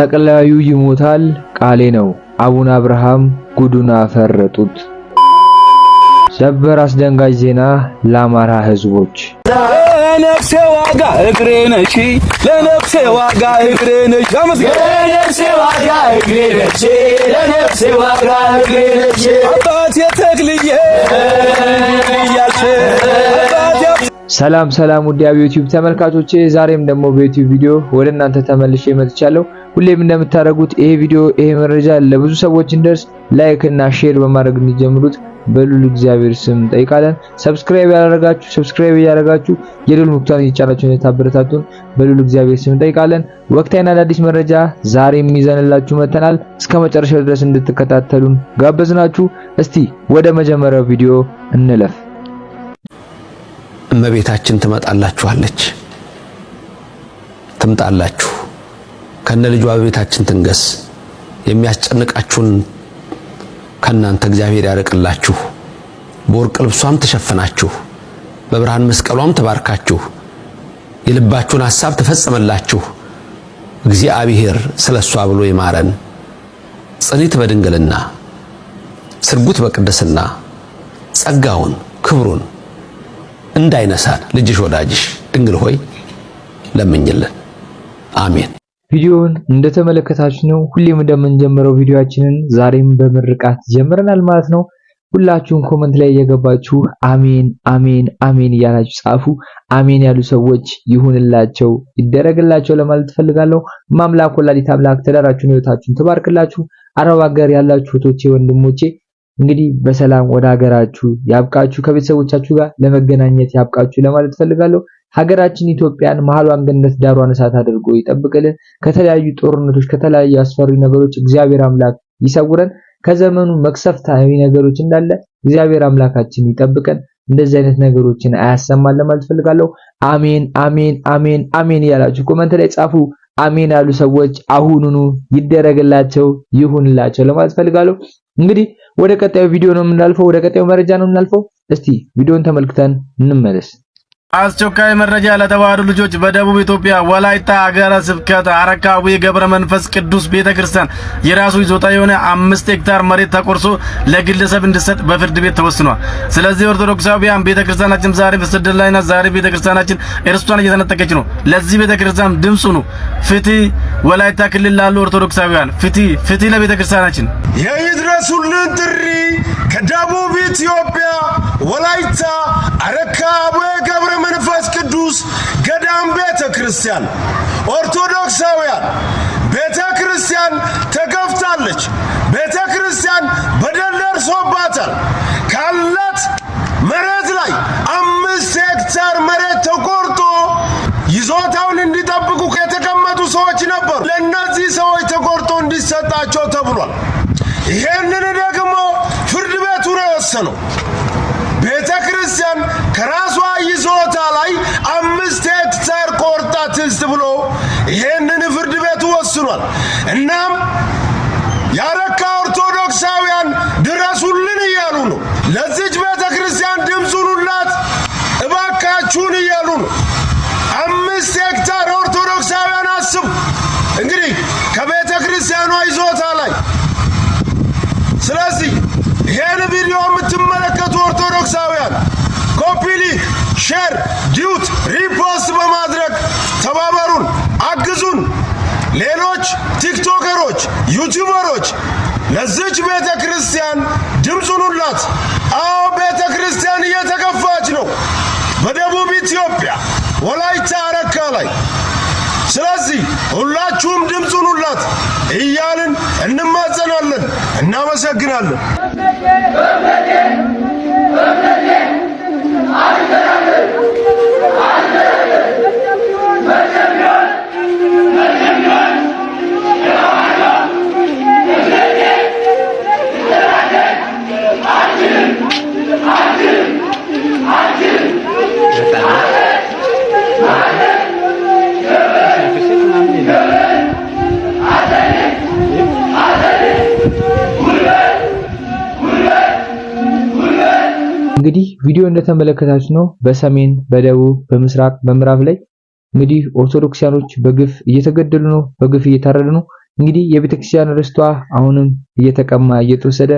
ጠቅላዩ ይሞታል ቃሌ ነው። አቡነ አብርሃም ጉዱን አፈረጡት። ሰበር አስደንጋጭ ዜና ለአማራ ህዝቦች ለነፍሴ ዋጋ እግሬ ነሽ፣ ለነፍሴ ሰላም ሰላም፣ ውድ የዩቲዩብ ተመልካቾቼ፣ ዛሬም ደግሞ በዩቲዩብ ቪዲዮ ወደ እናንተ ተመልሼ መጥቻለሁ። ሁሌም እንደምታደርጉት ይሄ ቪዲዮ ይሄ መረጃ ለብዙ ሰዎች እንደርስ ላይክ እና ሼር በማድረግ እንዲጀምሩት በሉል እግዚአብሔር ስም ጠይቃለን። ሰብስክራይብ ያደረጋችሁ ሰብስክራይብ እያደረጋችሁ የደወል ምልክቱን እየጫናችሁ የታበረታቱን በሉል እግዚአብሔር ስም ጠይቃለን። ወቅታዊና አዳዲስ መረጃ ዛሬም ይዘንላችሁ መተናል። እስከ መጨረሻው ድረስ እንድትከታተሉን ጋበዝናችሁ። እስቲ ወደ መጀመሪያው ቪዲዮ እንለፍ። እመቤታችን ትመጣላችኋለች። ትምጣላችሁ ከነ ልጇ በቤታችን ትንገስ። የሚያስጨንቃችሁን ከእናንተ እግዚአብሔር ያርቅላችሁ። በወርቅ ልብሷም ተሸፍናችሁ በብርሃን መስቀሏም ተባርካችሁ የልባችሁን ሐሳብ ተፈጸመላችሁ። እግዚአብሔር ስለ እሷ ብሎ ይማረን። ጽኒት በድንግልና ስርጉት በቅድስና ጸጋውን ክብሩን እንዳይነሳን ልጅሽ ወዳጅሽ ድንግል ሆይ ለምኝልን። አሜን። ቪዲዮውን እንደተመለከታችሁ ነው ሁሌም እንደምንጀምረው ቪዲዮአችንን ዛሬም በምርቃት ጀምረናል ማለት ነው። ሁላችሁም ኮመንት ላይ እየገባችሁ አሜን አሜን አሜን እያላችሁ ጻፉ። አሜን ያሉ ሰዎች ይሁንላቸው ይደረግላቸው ለማለት ፈልጋለሁ። ማምላክ ወላዲተ አምላክ ትዳራችሁን ህይወታችሁን ትባርክላችሁ። አረብ ሀገር ያላችሁ እህቶቼ ወንድሞቼ እንግዲህ በሰላም ወደ ሀገራችሁ ያብቃችሁ፣ ከቤተሰቦቻችሁ ጋር ለመገናኘት ያብቃችሁ ለማለት ፈልጋለሁ። ሀገራችን ኢትዮጵያን መሀሏን ገነት ዳሯን እሳት አድርጎ ይጠብቅልን። ከተለያዩ ጦርነቶች፣ ከተለያዩ አስፈሪ ነገሮች እግዚአብሔር አምላክ ይሰውረን። ከዘመኑ መቅሰፍታዊ ነገሮች እንዳለ እግዚአብሔር አምላካችን ይጠብቀን። እንደዚህ አይነት ነገሮችን አያሰማን ለማለት ፈልጋለሁ። አሜን፣ አሜን፣ አሜን፣ አሜን እያላችሁ ኮመንት ላይ ጻፉ። አሜን ያሉ ሰዎች አሁኑኑ ይደረግላቸው፣ ይሁንላቸው ለማለት ፈልጋለሁ። እንግዲህ ወደ ቀጣዩ ቪዲዮ ነው የምናልፈው፣ ወደ ቀጣዩ መረጃ ነው የምናልፈው። እስቲ ቪዲዮን ተመልክተን እንመለስ። አስቸኳይ መረጃ ለተዋሕዶ ልጆች በደቡብ ኢትዮጵያ ወላይታ ሀገረ ስብከት አረካዊ ገብረ መንፈስ ቅዱስ ቤተ ክርስቲያን የራሱ ይዞታ የሆነ አምስት ሄክታር መሬት ተቆርሶ ለግለሰብ እንዲሰጥ በፍርድ ቤት ተወስኗል። ስለዚህ ኦርቶዶክሳውያን ቤተ ክርስቲያናችን ዛሬ በስደት ላይና ዛሬ ቤተ ክርስቲያናችን እርስቷን እየተነጠቀች ነው። ለዚህ ቤተ ክርስቲያን ድምፁ ነው። ፍትህ ወላይታ ክልል ላሉ ኦርቶዶክሳውያን ፍትህ፣ ፍትህ ለቤተ ክርስቲያናችን የይድረሱልን ጥሪ ከደቡብ ኢትዮጵያ ክርስቲያን ኦርቶዶክሳውያን ቤተ ክርስቲያን ተገፍታለች። ቤተ ክርስቲያን በደል ደርሶባታል። ካላት መሬት ላይ አምስት ሄክታር መሬት ተቆርጦ ይዞታውን እንዲጠብቁ የተቀመጡ ሰዎች ነበሩ። ለእነዚህ ሰዎች ተቆርጦ እንዲሰጣቸው ተብሏል። ይሄንን ደግሞ ፍርድ ቤቱ ነው የወሰነው። ቤተ ክርስቲያን ከራሷ ይዞታ ላይ አምስት ሄክታር ሼር፣ ዲዩት፣ ሪፖስት በማድረግ ተባበሩን፣ አግዙን። ሌሎች ቲክቶከሮች፣ ዩቲዩበሮች ለዚች ቤተ ክርስቲያን ድምፁን ሁላት። አዎ ቤተ ክርስቲያን እየተከፋች ነው በደቡብ ኢትዮጵያ ወላይታ አረካ ላይ። ስለዚህ ሁላችሁም ድምፁን ሁላት እያልን እንማጸናለን። እናመሰግናለን። আজ ቪዲዮ እንደተመለከታችሁ ነው በሰሜን በደቡብ በምስራቅ በምዕራብ ላይ እንግዲህ ኦርቶዶክሲያኖች በግፍ እየተገደሉ ነው፣ በግፍ እየታረዱ ነው። እንግዲህ የቤተክርስቲያን ርስቷ አሁንም እየተቀማ እየተወሰደ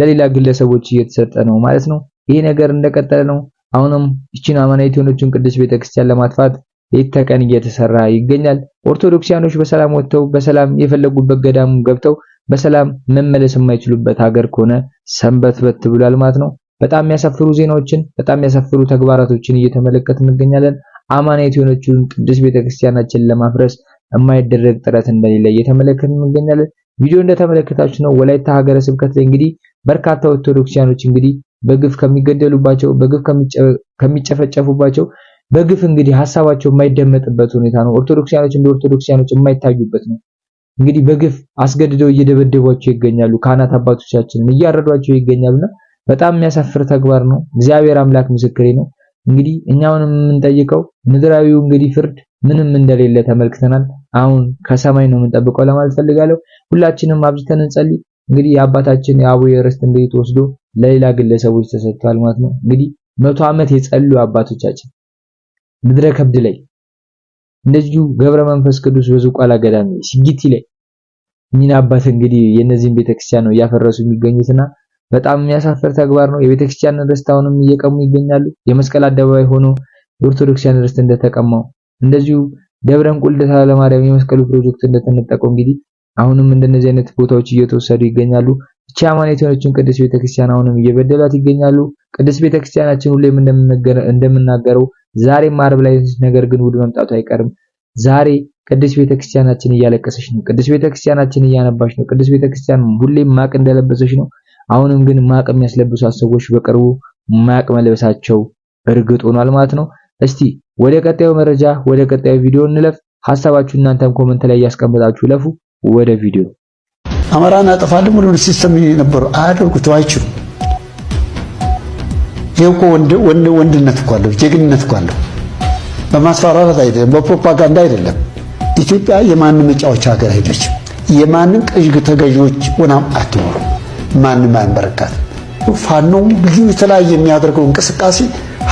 ለሌላ ግለሰቦች እየተሰጠ ነው ማለት ነው። ይሄ ነገር እንደቀጠለ ነው። አሁንም እቺን አማናዊት የሆነችውን ቅዱስ ቤተክርስቲያን ለማጥፋት ሌት ተቀን እየተሰራ ይገኛል። ኦርቶዶክሲያኖች በሰላም ወጥተው በሰላም የፈለጉበት ገዳም ገብተው በሰላም መመለስ የማይችሉበት ሀገር ከሆነ ሰንበት በት ብሏል ማለት ነው። በጣም የሚያሳፍሩ ዜናዎችን በጣም የሚያሳፍሩ ተግባራቶችን እየተመለከት እንገኛለን። አማናዊት የሆነችውን ቅዱስ ቤተክርስቲያናችን ለማፍረስ የማይደረግ ጥረት እንደሌለ እየተመለከት እንገኛለን። ቪዲዮ እንደተመለከታችሁ ነው። ወላይታ ሀገረ ስብከት ላይ እንግዲህ በርካታ ኦርቶዶክሲያኖች እንግዲህ በግፍ ከሚገደሉባቸው፣ በግፍ ከሚጨፈጨፉባቸው፣ በግፍ እንግዲህ ሀሳባቸው የማይደመጥበት ሁኔታ ነው። ኦርቶዶክሲያኖች እንደ ኦርቶዶክሲያኖች የማይታዩበት ነው። እንግዲህ በግፍ አስገድደው እየደበደቧቸው ይገኛሉ። ካህናት አባቶቻችንን እያረዷቸው ይገኛሉና በጣም የሚያሳፍር ተግባር ነው። እግዚአብሔር አምላክ ምስክሬ ነው። እንግዲህ እኛውንም የምንጠይቀው ምድራዊው እንግዲህ ፍርድ ምንም እንደሌለ ተመልክተናል። አሁን ከሰማይ ነው የምንጠብቀው ለማለት ፈልጋለሁ። ሁላችንም አብዝተን እንጸልይ። እንግዲህ የአባታችን የአቡየ ርስትን ቤት ወስዶ ለሌላ ግለሰቦች ተሰጥቷል ማለት ነው። እንግዲህ መቶ ዓመት የጸሉ አባቶቻችን ምድረ ከብድ ላይ እንደዚሁ ገብረ መንፈስ ቅዱስ በዝቋላ ገዳም ሲጊቲ ላይ እኚህን አባት እንግዲህ የነዚህን ቤተክርስቲያን ነው እያፈረሱ የሚገኙትና በጣም የሚያሳፍር ተግባር ነው። የቤተክርስቲያን ርስት አሁንም እየቀሙ ይገኛሉ። የመስቀል አደባባይ ሆኖ የኦርቶዶክሲያን ርስት እንደተቀማው እንደዚሁ ደብረ እንቁል ለማርያም የመስቀሉ ፕሮጀክት እንደተነጠቀው እንግዲህ አሁንም እንደነዚህ አይነት ቦታዎች እየተወሰዱ ይገኛሉ። ብቻ ሃይማኖት ቅድስት ቤተክርስቲያን አሁንም እየበደላት ይገኛሉ። ቅድስት ቤተክርስቲያናችን ሁሌም እንደምናገረው ዛሬም ዓርብ ላይ ነገር ግን እሑድ መምጣቱ አይቀርም። ዛሬ ቅድስት ቤተክርስቲያናችን እያለቀሰች ነው። ቅድስት ቤተክርስቲያናችን እያነባች ነው። ቅድስት ቤተክርስቲያን ሁሌም ማቅ እንደለበሰች ነው። አሁንም ግን ማቅ የሚያስለብሷት ሰዎች በቅርቡ ማቅ መልበሳቸው እርግጥ ሆኗል ማለት ነው። እስቲ ወደ ቀጣዩ መረጃ ወደ ቀጣዩ ቪዲዮ እንለፍ። ሀሳባችሁ እናንተም ኮመንት ላይ እያስቀመጣችሁ ለፉ ወደ ቪዲዮ አማራን አጠፋለሁ ሙሉ ሲስተም የነበሩ አያደርጉት አይችሉም። ይሄ ወንድነት እኮ አለው፣ ጀግንነት እኮ አለው። በማስፈራራት አይደለም፣ በፕሮፓጋንዳ አይደለም። ኢትዮጵያ የማንም መጫወቻ ሀገር አይደለችም። የማንም ቅዥ ተገዢዎች ሆናም አትኖሩም። ማንም አይንበረከት። ፋኖ ብዙ የተለያየ የሚያደርገው እንቅስቃሴ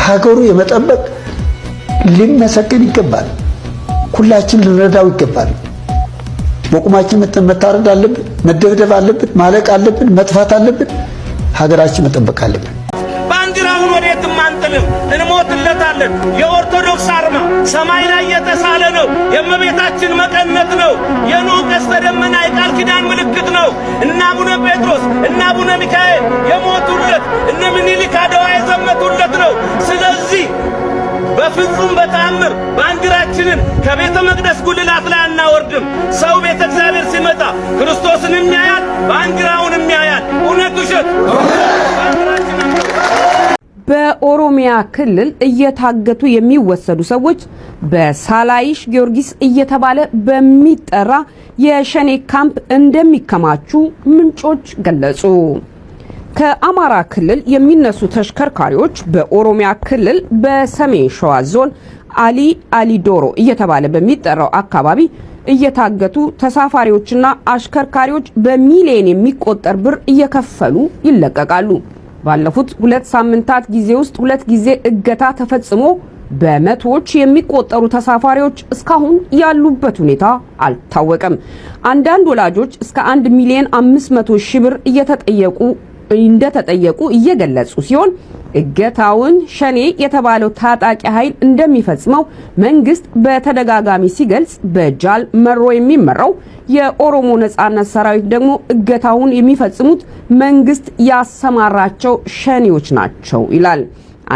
ሀገሩ የመጠበቅ ሊመሰገን ይገባል። ሁላችን ልንረዳው ይገባል። በቁማችን መታረድ አለብን፣ መደብደብ አለብን፣ ማለቅ አለብን፣ መጥፋት አለብን፣ ሀገራችን መጠበቅ አለብን። ባንዲራውን ወዴትም አንጥልም። እንሰቅለታለን። የኦርቶዶክስ አርማ ሰማይ ላይ የተሳለ ነው። የእመቤታችን መቀነት ነው። የኖኅ ቀስተ ደመና የቃል ኪዳን ምልክት ነው። እነ አቡነ ጴጥሮስ እነ አቡነ ሚካኤል የሞቱለት፣ እነ ምኒልክ አድዋ የዘመቱለት ነው። ስለዚህ በፍጹም በተአምር ባንዲራችንን ከቤተ መቅደስ ጉልላት ላይ አናወርድም። ሰው ቤተ እግዚአብሔር ሲመጣ ክርስቶስን የሚያያል፣ ባንዲራውን የሚያያል። እውነት ውሸት በኦሮሚያ ክልል እየታገቱ የሚወሰዱ ሰዎች በሳላይሽ ጊዮርጊስ እየተባለ በሚጠራ የሸኔ ካምፕ እንደሚከማቹ ምንጮች ገለጹ። ከአማራ ክልል የሚነሱ ተሽከርካሪዎች በኦሮሚያ ክልል በሰሜን ሸዋ ዞን አሊ አሊዶሮ እየተባለ በሚጠራው አካባቢ እየታገቱ ተሳፋሪዎችና አሽከርካሪዎች በሚሊዮን የሚቆጠር ብር እየከፈሉ ይለቀቃሉ። ባለፉት ሁለት ሳምንታት ጊዜ ውስጥ ሁለት ጊዜ እገታ ተፈጽሞ በመቶዎች የሚቆጠሩ ተሳፋሪዎች እስካሁን ያሉበት ሁኔታ አልታወቀም። አንዳንድ ወላጆች እስከ 1 ሚሊዮን 500 ሺህ ብር እየተጠየቁ እንደተጠየቁ እየገለጹ ሲሆን እገታውን ሸኔ የተባለው ታጣቂ ኃይል እንደሚፈጽመው መንግስት በተደጋጋሚ ሲገልጽ፣ በጃል መሮ የሚመራው የኦሮሞ ነጻነት ሰራዊት ደግሞ እገታውን የሚፈጽሙት መንግስት ያሰማራቸው ሸኔዎች ናቸው ይላል።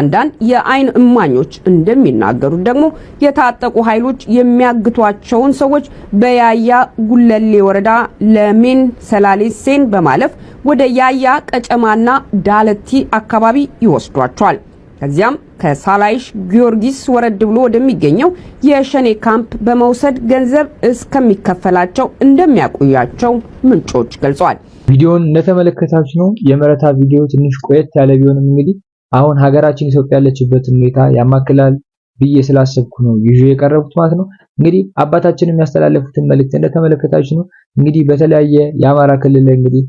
አንዳንድ የአይን እማኞች እንደሚናገሩት ደግሞ የታጠቁ ኃይሎች የሚያግቷቸውን ሰዎች በያያ ጉለሌ ወረዳ ለሜን ሰላሌሴን በማለፍ ወደ ያያ ቀጨማና ዳለቲ አካባቢ ይወስዷቸዋል። ከዚያም ከሳላይሽ ጊዮርጊስ ወረድ ብሎ ወደሚገኘው የሸኔ ካምፕ በመውሰድ ገንዘብ እስከሚከፈላቸው እንደሚያቆያቸው ምንጮች ገልጸዋል። ቪዲዮን እንደተመለከታችሁ ነው። የመረታ ቪዲዮ ትንሽ ቆየት ያለ ቢሆንም እንግዲህ አሁን ሀገራችን ኢትዮጵያ ያለችበትን ሁኔታ ያማክላል ብዬ ስላሰብኩ ነው ይዤ የቀረብኩት ማለት ነው። እንግዲህ አባታችን የሚያስተላለፉትን መልእክት እንደተመለከታችሁ ነው። እንግዲህ በተለያየ የአማራ ክልል ላይ እንግዲህ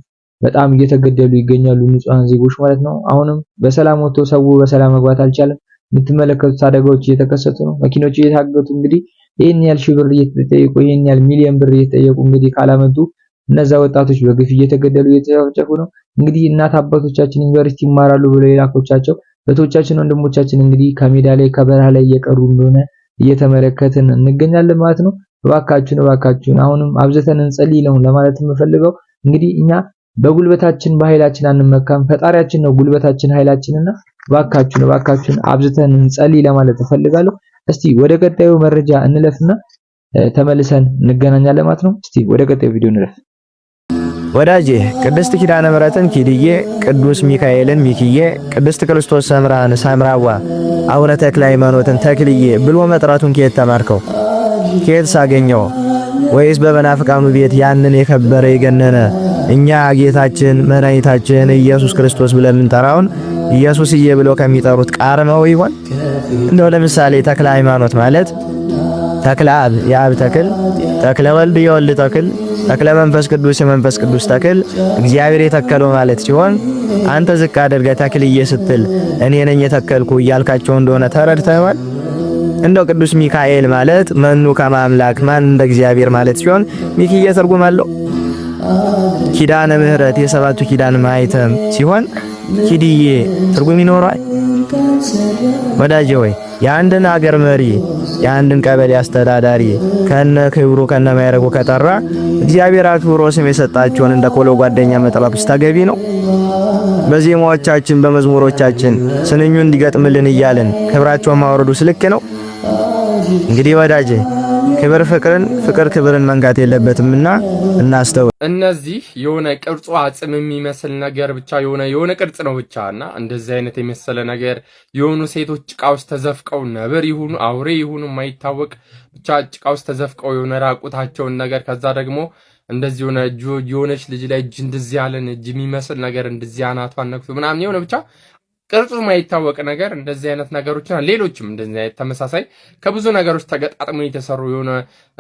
በጣም እየተገደሉ ይገኛሉ ንጹሃን ዜጎች ማለት ነው። አሁንም በሰላም ወጥቶ ሰው በሰላም መግባት አልቻለም። የምትመለከቱት አደጋዎች እየተከሰቱ ነው። መኪኖች እየታገቱ እንግዲህ ይህን ያህል ሺህ ብር እየተጠየቁ ይህን ያህል ሚሊዮን ብር እየተጠየቁ እንግዲህ ካላመጡ እነዛ ወጣቶች በግፍ እየተገደሉ እየተጨፈጨፉ ነው። እንግዲህ እናት አባቶቻችን ዩኒቨርሲቲ ይማራሉ ብለው የላኮቻቸው እህቶቻችን ወንድሞቻችን እንግዲህ ከሜዳ ላይ ከበረሃ ላይ እየቀሩ እንደሆነ እየተመለከትን እንገኛለን ማለት ነው። እባካችሁን እባካችሁን አሁንም አብዝተን እንጸልይ ነው ለማለት የምፈልገው እንግዲህ እኛ በጉልበታችን በኃይላችን አንመካም። ፈጣሪያችን ነው ጉልበታችን ኃይላችንና እባካችሁን እባካችሁን አብዝተን እንጸልይ ለማለት እፈልጋለሁ። እስቲ ወደ ቀጣዩ መረጃ እንለፍና ተመልሰን እንገናኛለን ማለት ነው። እስቲ ወደ ቀጣዩ ቪዲዮ እንለፍ። ወዳጄ ቅድስት ኪዳነ ምሕረትን ኪድዬ፣ ቅዱስ ሚካኤልን ሚክዬ፣ ቅድስት ክርስቶስ ሰምራን ሳምራዋ፣ አቡነ ተክለ ሃይማኖትን ተክልዬ ብሎ መጥራቱን ከየት ተማርከው? ከየት ሳገኘው? ወይስ በመናፍቃኑ ቤት ያንን የከበረ የገነነ እኛ ጌታችን መድኃኒታችን ኢየሱስ ክርስቶስ ብለን ምንጠራውን ኢየሱስዬ ብለው ከሚጠሩት ቃርመው ይሆን? እንደው ለምሳሌ ተክለ ሃይማኖት ማለት ተክለ አብ የአብ ተክል፣ ተክለ ወልድ የወልድ ተክል፣ ተክለ መንፈስ ቅዱስ የመንፈስ ቅዱስ ተክል እግዚአብሔር የተከለው ማለት ሲሆን አንተ ዝቅ አድርገ ተክልዬ ስትል እኔ ነኝ የተከልኩ እያልካቸው እንደሆነ ተረድተዋል። እንደው ቅዱስ ሚካኤል ማለት መኑ ከመ አምላክ ማን እንደ እግዚአብሔር ማለት ሲሆን ሚኪዬ ትርጉም አለው። ኪዳነ ምሕረት የሰባቱ ኪዳን ማይተም ሲሆን ኪድዬ ትርጉም ይኖረዋል። ወዳጄ ወይ የአንድን አገር መሪ የአንድን ቀበሌ አስተዳዳሪ ከነ ክብሩ ከነ ማይረጉ ከጠራ እግዚአብሔር አክብሮ ስም የሰጣቸውን እንደ ኮሎ ጓደኛ መጥራቱስ ተገቢ ነው። በዜማዎቻችን በመዝሙሮቻችን ስንኙ እንዲገጥምልን እያልን ክብራቸውን ማውረዱስ ልክ ነው? እንግዲህ ወዳጄ ክብር ፍቅርን፣ ፍቅር ክብርን መንካት የለበትም እና እናስተው እነዚህ የሆነ ቅርጹ አጽም የሚመስል ነገር ብቻ የሆነ የሆነ ቅርጽ ነው ብቻ እና እንደዚህ አይነት የመሰለ ነገር የሆኑ ሴቶች ጭቃ ውስጥ ተዘፍቀው ነብር ይሁኑ አውሬ ይሁኑ የማይታወቅ ብቻ ጭቃ ውስጥ ተዘፍቀው የሆነ ራቁታቸውን ነገር ከዛ ደግሞ እንደዚህ የሆነ የሆነች ልጅ ላይ እጅ እንደዚህ ያለን እጅ የሚመስል ነገር እንደዚህ አናቷን ነክቶ ምናምን የሆነ ብቻ ቅርጹ የማይታወቅ ነገር እንደዚህ አይነት ነገሮችና ሌሎችም እንደዚህ አይነት ተመሳሳይ ከብዙ ነገሮች ተገጣጥሞ የተሰሩ የሆነ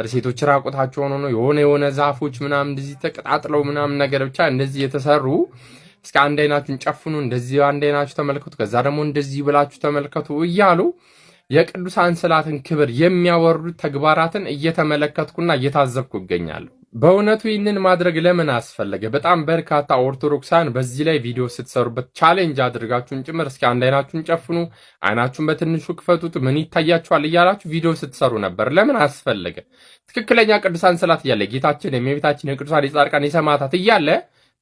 ርሴቶች ራቁታቸው ሆኖ ነው የሆነ የሆነ ዛፎች ምናምን እንደዚህ ተቀጣጥለው ምናምን ነገር ብቻ እንደዚህ የተሰሩ እስከ አንድ አይናችሁን ጨፍኑ፣ እንደዚህ አንድ አይናችሁ ተመልከቱ፣ ከዛ ደግሞ እንደዚህ ብላችሁ ተመልከቱ እያሉ የቅዱሳን ስዕላትን ክብር የሚያወርዱ ተግባራትን እየተመለከትኩና እየታዘብኩ ይገኛሉ። በእውነቱ ይህንን ማድረግ ለምን አስፈለገ? በጣም በርካታ ኦርቶዶክሳን በዚህ ላይ ቪዲዮ ስትሰሩበት ቻሌንጅ አድርጋችሁን ጭምር እስኪ አንድ አይናችሁን ጨፍኑ፣ አይናችሁን በትንሹ ክፈቱት፣ ምን ይታያችኋል እያላችሁ ቪዲዮ ስትሰሩ ነበር። ለምን አስፈለገ? ትክክለኛ ቅዱሳን ስላት እያለ ጌታችን የእመቤታችን የቅዱሳን የጻድቃን የሰማዕታት እያለ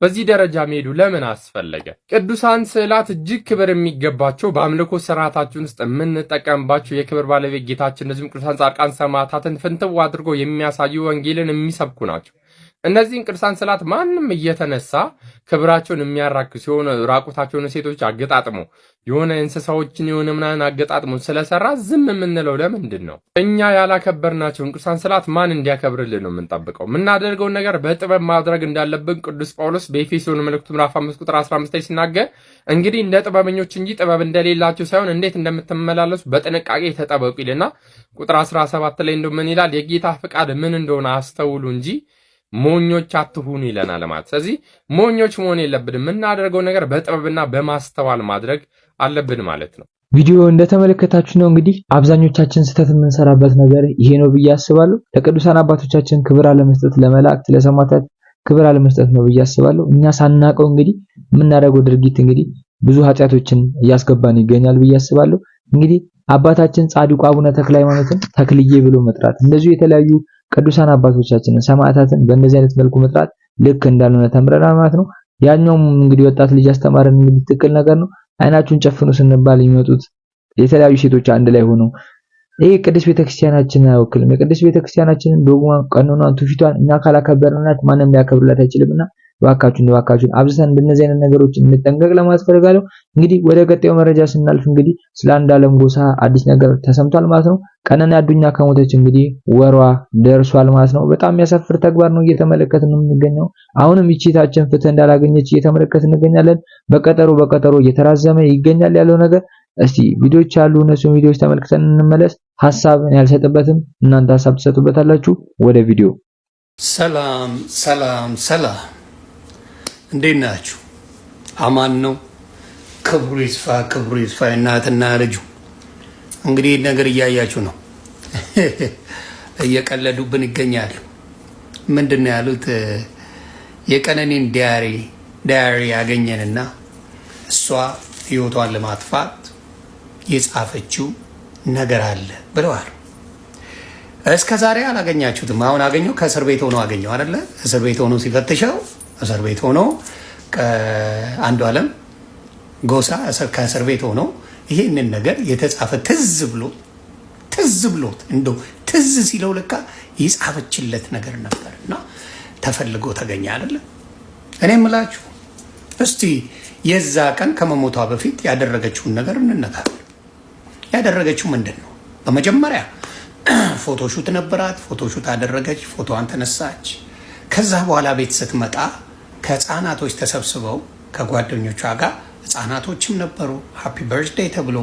በዚህ ደረጃ መሄዱ ለምን አስፈለገ? ቅዱሳን ስዕላት እጅግ ክብር የሚገባቸው በአምልኮ ስርዓታችን ውስጥ የምንጠቀምባቸው የክብር ባለቤት ጌታችን፣ እነዚህም ቅዱሳን ጻድቃን ሰማዕታትን ፍንትው አድርጎ የሚያሳዩ ወንጌልን የሚሰብኩ ናቸው። እነዚህን ቅዱሳን ስላት ማንም እየተነሳ ክብራቸውን የሚያራክ የሆነ ራቁታቸውን ሴቶች አገጣጥሞ የሆነ እንስሳዎችን የሆነ ምናምን አገጣጥሞ ስለሰራ ዝም የምንለው ለምንድን ነው? እኛ ያላከበርናቸውን ቅዱሳን ስላት ማን እንዲያከብርልን ነው የምንጠብቀው? የምናደርገውን ነገር በጥበብ ማድረግ እንዳለብን ቅዱስ ጳውሎስ በኤፌሶን መልእክቱ ምዕራፍ 5 ቁጥር 15 ላይ ሲናገር እንግዲህ እንደ ጥበበኞች እንጂ ጥበብ እንደሌላቸው ሳይሆን እንዴት እንደምትመላለሱ በጥንቃቄ ተጠበቁ ይልና ቁጥር 17 ላይ እንደምን ይላል? የጌታ ፍቃድ ምን እንደሆነ አስተውሉ እንጂ ሞኞች አትሁኑ ይለናል ማለት። ስለዚህ ሞኞች መሆን የለብን የምናደርገው ነገር በጥበብና በማስተዋል ማድረግ አለብን ማለት ነው። ቪዲዮ እንደተመለከታችሁ ነው እንግዲህ አብዛኞቻችን ስህተት የምንሰራበት ነገር ይሄ ነው ብዬ አስባለሁ። ለቅዱሳን አባቶቻችን ክብር አለመስጠት፣ ለመላእክት ለሰማዕታት ክብር አለመስጠት ነው ብዬ አስባለሁ። እኛ ሳናቀው እንግዲህ የምናደርገው ድርጊት እንግዲህ ብዙ ኃጢአቶችን እያስገባን ይገኛል ብዬ አስባለሁ። እንግዲህ አባታችን ጻድቁ አቡነ ተክለ ሃይማኖትን ተክልዬ ብሎ መጥራት እንደዚሁ የተለያዩ ቅዱሳን አባቶቻችንን ሰማዕታትን በእንደዚህ አይነት መልኩ መጥራት ልክ እንዳልሆነ ተምረናል ማለት ነው። ያኛውም እንግዲህ ወጣት ልጅ አስተማረን እንግዲህ ትክክል ነገር ነው። አይናችሁን ጨፍኑ ስንባል የሚመጡት የተለያዩ ሴቶች አንድ ላይ ሆነው ይህ ቅድስት ቤተክርስቲያናችንን አይወክልም። የቅድስት ቤተክርስቲያናችንን ዶግማ፣ ቀኖኗን፣ ትውፊቷን እኛ ካላከበርናት ማንም ሊያከብርላት አይችልምና እባካችሁን እባካችሁን አብዝተን እንደነዚህ አይነት ነገሮች እንጠንቀቅ ለማለት ፈልጋለሁ። እንግዲህ ወደ ቀጣዩ መረጃ ስናልፍ እንግዲህ ስለ አንዱዓለም ጎሳ አዲስ ነገር ተሰምቷል ማለት ነው። ቀነኒ አዱኛ ከሞተች እንግዲህ ወሯ ደርሷል ማለት ነው። በጣም የሚያሳፍር ተግባር ነው እየተመለከትን ነው የምንገኘው። አሁንም እቺታችን ፍትህ እንዳላገኘች እየተመለከትን እንገኛለን። በቀጠሮ በቀጠሮ እየተራዘመ ይገኛል ያለው ነገር እስቲ ቪዲዮዎች አሉ፣ እነሱ ቪዲዮዎች ተመልክተን እንመለስ። ሀሳብ ያልሰጥበትም እናንተ ሀሳብ ትሰጡበታላችሁ። ወደ ቪዲዮ ሰላም ሰላም ሰላም እንዴት ናችሁ? አማን ነው። ክብሩ ይስፋ፣ ክብሩ ይስፋ። እናትና ልጁ እንግዲህ ነገር እያያችሁ ነው። እየቀለዱብን ይገኛሉ። ምንድን ነው ያሉት? የቀነኔን ዲያሪ ዳያሪ ያገኘንና እሷ ህይወቷን ለማጥፋት የጻፈችው ነገር አለ ብለዋል። እስከ ዛሬ አላገኛችሁትም። አሁን አገኘው። ከእስር ቤት ሆኖ አገኘው አይደለ? እስር ቤት ሆኖ ሲፈትሸው እስር ቤት ሆኖ አንዱ አለም ጎሳ ከእስር ቤት ሆኖ ይሄንን ነገር የተጻፈ ትዝ ብሎ ትዝ ብሎት እንደ ትዝ ሲለው ለካ ይጻፈችለት ነገር ነበር እና ተፈልጎ ተገኘ አይደለም። እኔ ምላችሁ እስቲ የዛ ቀን ከመሞቷ በፊት ያደረገችውን ነገር እንነጋገር። ያደረገችው ምንድን ነው? በመጀመሪያ ፎቶሹት ነበራት። ፎቶሹት አደረገች። ፎቶዋን ተነሳች። ከዛ በኋላ ቤት ስትመጣ ከህፃናቶች ተሰብስበው ከጓደኞቿ ጋር ህፃናቶችም ነበሩ። ሃፒ በርዝዴይ ተብሎ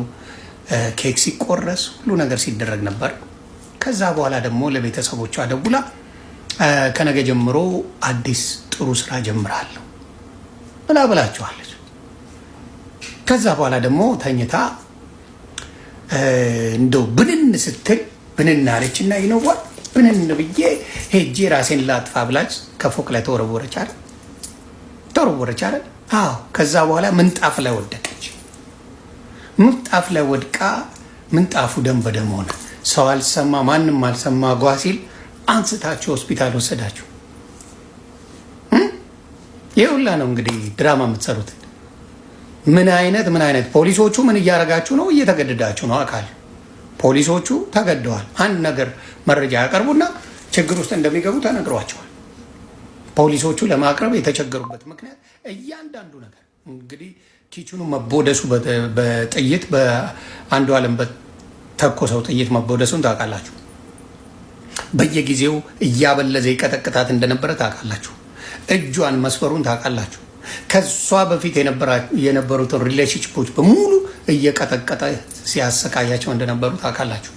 ኬክ ሲቆረስ ሁሉ ነገር ሲደረግ ነበር። ከዛ በኋላ ደግሞ ለቤተሰቦቿ ደውላ ከነገ ጀምሮ አዲስ ጥሩ ስራ ጀምራለሁ ብላ ብላችኋለች። ከዛ በኋላ ደግሞ ተኝታ እንደው ብንን ስትል ብንን እና ይነዋል ብንን ብዬ ሄጄ ራሴን ላጥፋ ብላች ከፎቅ ላይ ተወረወረች አለ ተወረወረች አይደል? አዎ። ከዛ በኋላ ምንጣፍ ላይ ወደቀች። ምንጣፍ ላይ ወድቃ ምንጣፉ ደም በደም ሆነ። ሰው አልሰማ፣ ማንም አልሰማ። ጓ ሲል አንስታችሁ ሆስፒታል ወሰዳችሁ። ይህ ሁላ ነው እንግዲህ ድራማ የምትሰሩት። ምን አይነት ምን አይነት ፖሊሶቹ ምን እያደረጋችሁ ነው? እየተገደዳችሁ ነው አካል ፖሊሶቹ ተገደዋል። አንድ ነገር መረጃ ያቀርቡና ችግር ውስጥ እንደሚገቡ ተነግሯቸዋል። ፖሊሶቹ ለማቅረብ የተቸገሩበት ምክንያት እያንዳንዱ ነገር እንግዲህ ኪችኑ መቦደሱ በጥይት በአንዱ አለም በተኮሰው ጥይት መቦደሱን ታውቃላችሁ። በየጊዜው እያበለዘ ይቀጠቅጣት እንደነበረ ታውቃላችሁ። እጇን መስፈሩን ታውቃላችሁ። ከሷ በፊት የነበሩትን ሪሌሽንሽፖች በሙሉ እየቀጠቀጠ ሲያሰቃያቸው እንደነበሩ ታውቃላችሁ።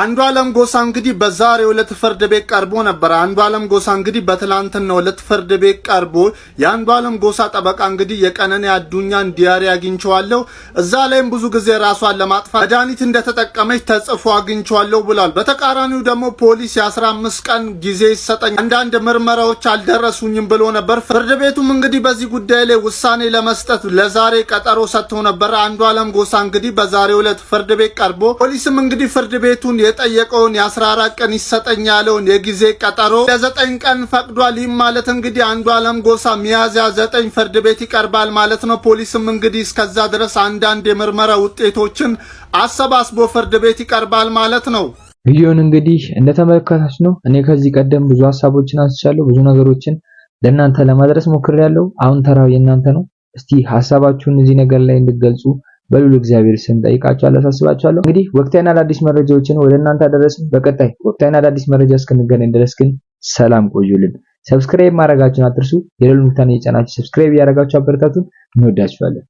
አንዱ አለም ጎሳ እንግዲህ በዛሬው ዕለት ፍርድ ቤት ቀርቦ ነበር። አንዱ ጎሳ እንግዲህ በትላንትናው ዕለት ፍርድ ቤት ቀርቦ የአንዱ አለም ጎሳ ጠበቃ እንግዲህ የቀነኔ አዱኛን ዲያሪ አግኝቸዋለሁ እዛ ላይም ብዙ ጊዜ ራሷን ለማጥፋት መድኃኒት እንደተጠቀመች ተጽፎ አግኝቸዋለሁ ብሏል። በተቃራኒው ደግሞ ፖሊስ የ15 ቀን ጊዜ ይሰጠኝ፣ አንዳንድ ምርመራዎች አልደረሱኝም ብሎ ነበር። ፍርድ ቤቱም እንግዲህ በዚህ ጉዳይ ላይ ውሳኔ ለመስጠት ለዛሬ ቀጠሮ ሰጥተው ነበር። አንዱ አለም ጎሳ እንግዲህ በዛሬው ዕለት ፍርድ ቤት ቀርቦ ፖሊስም እንግዲህ ፍርድ ቤቱን የጠየቀውን የአስራ አራት ቀን ይሰጠኝ ያለውን የጊዜ ቀጠሮ ለዘጠኝ ቀን ፈቅዷል። ይህም ማለት እንግዲህ አንዱ አለም ጎሳ ሚያዝያ ዘጠኝ ፍርድ ቤት ይቀርባል ማለት ነው። ፖሊስም እንግዲህ እስከዛ ድረስ አንዳንድ የምርመራ ውጤቶችን አሰባስቦ ፍርድ ቤት ይቀርባል ማለት ነው። ቪዲዮን እንግዲህ እንደተመለከታችሁ ነው። እኔ ከዚህ ቀደም ብዙ ሀሳቦችን አንስቻለሁ፣ ብዙ ነገሮችን ለእናንተ ለማድረስ ሞክሬያለሁ። አሁን ተራው የእናንተ ነው። እስቲ ሀሳባችሁን እዚህ ነገር ላይ እንድገልጹ በሉሉ እግዚአብሔር ስም ጠይቃቸዋለሁ፣ አሳስባቸዋለሁ። እንግዲህ ወቅታዊና አዳዲስ መረጃዎችን ወደ እናንተ አደረስን። በቀጣይ ወቅታዊና አዳዲስ መረጃ እስክንገናኝ ድረስ ግን ሰላም ቆዩልን። ሰብስክራይብ ማድረጋችሁን አትርሱ። የደወል ምልክቱን እየጫናችሁ ሰብስክራይብ እያደረጋችሁ አበረታቱን። እንወዳችኋለን።